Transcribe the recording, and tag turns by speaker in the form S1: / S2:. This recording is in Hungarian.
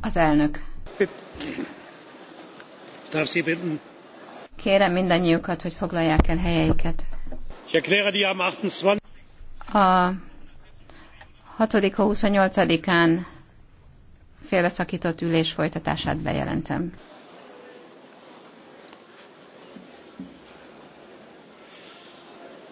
S1: Az elnök. Kérem mindannyiukat, hogy foglalják el helyeiket. A 6-a 28-án félbeszakított ülés folytatását bejelentem.